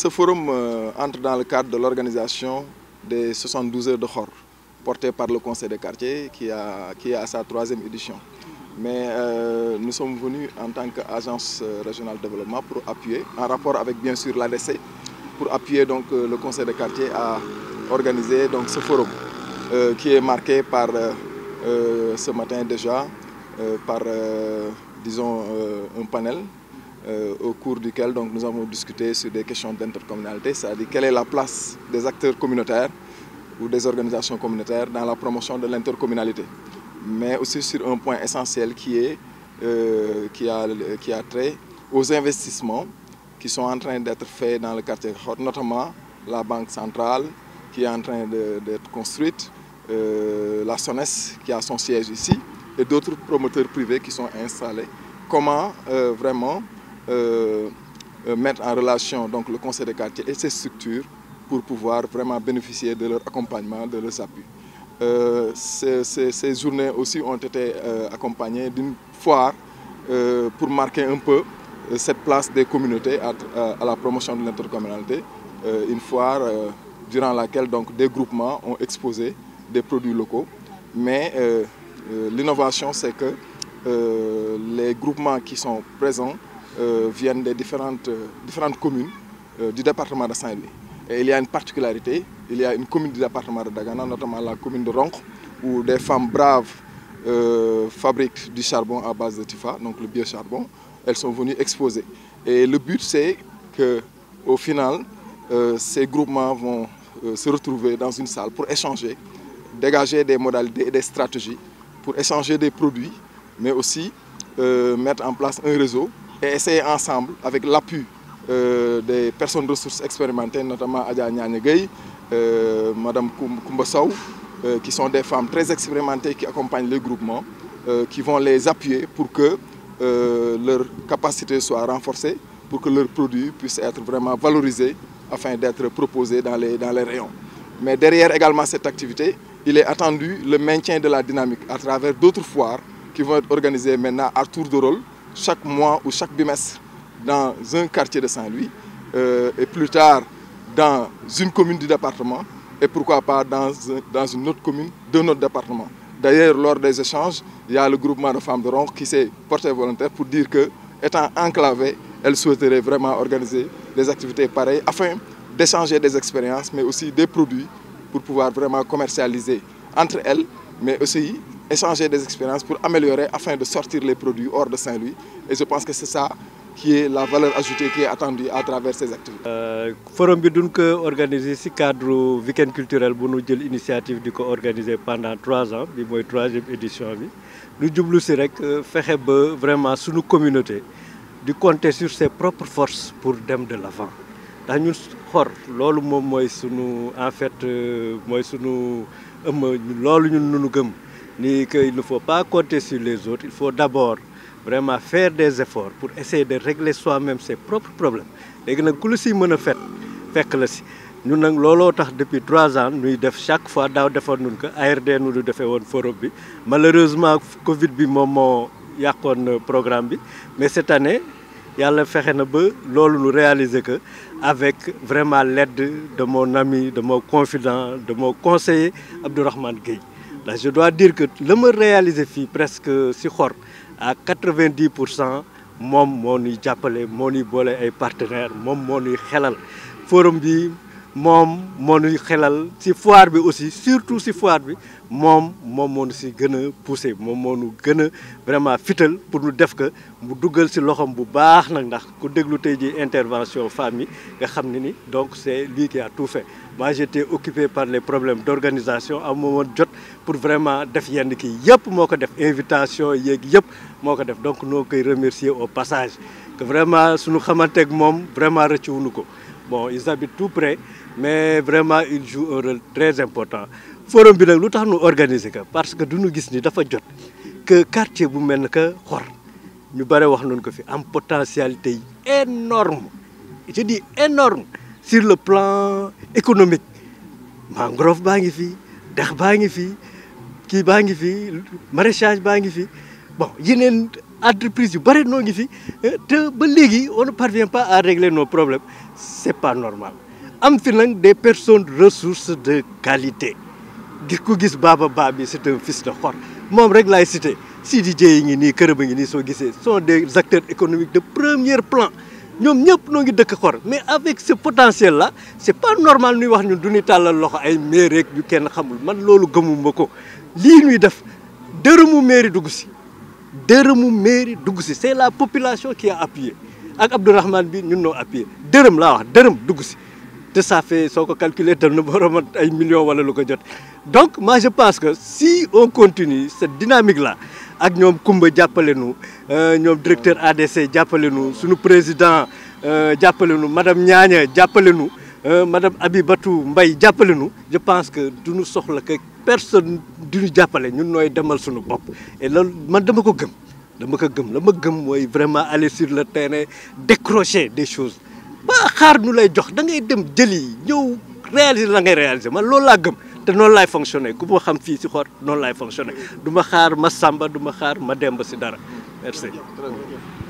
ce forum euh, entre dans le cadre de l'organisation des 72 heures de Khor, portée par le conseil des quartiers qui, a, qui est à sa troisième édition. Mais euh, nous sommes venus en tant qu'agence euh, régionale de développement pour appuyer, en rapport avec bien sûr l'ADC, pour appuyer donc le conseil des quartiers à organiser donc ce forum qui est marqué par ce matin déjà par disons un panel euh, au cours duquel donc, nous avons discuté sur des questions d'intercommunalité, c'est-à-dire quelle est la place des acteurs communautaires ou des organisations communautaires dans la promotion de l'intercommunalité, mais aussi sur un point essentiel qui, est, euh, qui, a, qui a trait aux investissements qui sont en train d'être faits dans le quartier, notamment la Banque centrale qui est en train d'être construite, euh, la SONES e qui a son siège ici et d'autres promoteurs privés qui sont installés. Comment vraiment euh, euh, mettre en relation donc, le conseil des quartiers et ses structures pour pouvoir vraiment bénéficier de leur accompagnement, de leur appui. Euh, ces, journées aussi ont été accompagnées d'une foire pour marquer un peu cette place des communautés à, la promotion de l'intercommunalité. une foire durant laquelle donc, des groupements ont exposé des produits locaux. Mais l'innovation, c'est que les groupements qui sont présents euh, viennent des différentes, euh, communes euh, du département de Saint-Louis. Et il y a une particularité, il y a une commune du département de Dagana, notamment la commune de Ronc, où des femmes braves fabriquent du charbon à base de TIFA, donc le biocharbon. Elles sont venues exposer. Et le but, c'est que au final, ces groupements vont se retrouver dans une salle pour échanger, dégager des modalités et des stratégies, pour échanger des produits, mais aussi mettre en place un réseau et essayer ensemble, avec l'appui euh, des personnes ressources expérimentées, notamment Adja Nyane euh, Madame Koumba euh, qui sont des femmes très expérimentées qui accompagnent les groupements, euh, qui vont les appuyer pour que leur capacité soient renforcées, pour que leurs produits puissent être vraiment valorisés afin d'être proposés dans les, dans les rayons. Mais derrière également cette activité, il est attendu le maintien de la dynamique à travers d'autres foires qui vont être organisées maintenant à tour de rôle chaque mois ou chaque bimestre dans un quartier de Saint-Louis euh, et plus tard dans une commune du département et pourquoi pas dans, dans une autre commune de notre département. D'ailleurs, lors des échanges, il y a le groupement de femmes de Ronc qui s'est porté volontaire pour dire que, étant enclavé, elle souhaiterait vraiment organiser des activités pareilles afin d'échanger des expériences, mais aussi des produits pour pouvoir vraiment commercialiser entre elles, mais aussi échanger des expériences pour améliorer afin de sortir les produits hors de Saint-Louis. Et je pense que c'est ça qui est la valeur ajoutée qui est attendue à travers ces activités. Euh, forum bi a organisé ce cadre cadre week-end culturel bu nous jël initiative di organiser pendant trois ans bi la troisième édition bi lu jublu ci rek que euh, ba vraiment suñu communauté di compter sur ses propres forces pour dem de l'avant Nous ñun xor en fait euh, il ne faut pas compter sur les autres, il faut d'abord vraiment faire des efforts pour essayer de régler soi-même ses propres problèmes Et que qui fet depuis trois ans Nous, chaque fois que nous nun fait ARD forum Malheureusement, malheureusement Covid bi moom un programme mais cette année nous avons réalisé ba que avec vraiment l'aide de mon ami de mon confident de mon conseiller Abdourahmane Gueye je dois dire que le me réalisé fi presque si xor à 90 pour moni ami, moni ami, ay partenaires mon ami, forum mom monu xelal ci foire bi aussi surtout ci foire bi mom mom moo ci gëna pousser poussé moom moo ñu vraiment fital pour nous def ko mu duggal ci loxam bu baax nak ndax ku déglu tay ji intervention femme yi nga xamni ni donc c'est lui qui a tout fait moi j'étais occupé par les problèmes d'organisation am moment jot pour vraiment def yenn ki yépp moko def invitation yeeg yépp moko def donc nous koy remercier au passage que vraiment suñu xamanteeg mom vraiment reçu ko bon ils habitent tout près mais vraiment ils jouent un rôle très important forum bi nak lu organiser parce que nous gis ni dafa jot que quartier bu melne que Xor ñu bari wax nañ ko fi am potentialité énorme énorme je dis énorme sur le plan économique mangrove baa fi ki baa fi ki baa fi maraîchage fi bon yeneen entreprise yu bëri noo ngi fi eh, te ba léegi on ne parvient pas à régler nos problèmes c'est pas normal am fi nag des personnes ressources de qualité gis ku gis Baba Ba bi c'est un fils de xor moom rek laay cité Sidi Dieye yi ngi nii Kërëm a ngi nii soo gisee sont des acteurs économiques de premier plan ñoom ñëpp noo ngi dëkk xor mais avec ce potentiel là c'est pas normal ñuy wax ñun du ñu tàllal loxo ay maire rek yu kenn xamul man loolu gëmuma ko lii ñuy def dërëmu mairie dugg si deureum mairie dugg ci c'est la population qui a appuyé ak Abdourahmane bi ñun noo appuyé deureum la wax deureum dugg ci te ça fait soko calculer dem na borom ay millions wala lu ko jot donc moi je pense que si on continue cette dynamique là ak ñom Kumba jàppale euh ñom directeur ADC jàppale nu suñu président euh, jàppale nu madame Ñaaña jàppale euh madame Abibatou Mbaye jàppale nu je pense que nous soxla que personne du jàppale ñun nooy demal suñu bopp et man dama ko gëm dama ko gëm la ma gëm mooy vraiment aller sur le terrain décrocher des choses ba xaar nu lay jox da ngay dem jëli ñëw réaliser la ngay réaliser man loolu laa gëm te noonu laay fonctionner ku ma xam fii si xor noonu laay fonctionner duma xaar ma sàmba duma xaar ma demba si dara merci